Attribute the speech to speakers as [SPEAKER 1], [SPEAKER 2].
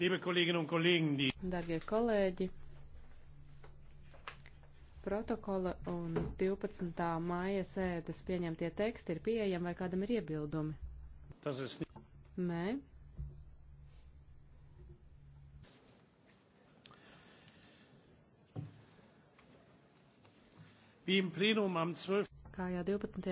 [SPEAKER 1] Liebe Kolleginnen un Kollegen, die...
[SPEAKER 2] Dargie kolēģi, protokola un 12. māja sēdes pieņemtie teksti ir pieejami vai kādam ir iebildumi? Tas es... Nē.
[SPEAKER 3] Wie im Plenum am 12. Kā jau 12.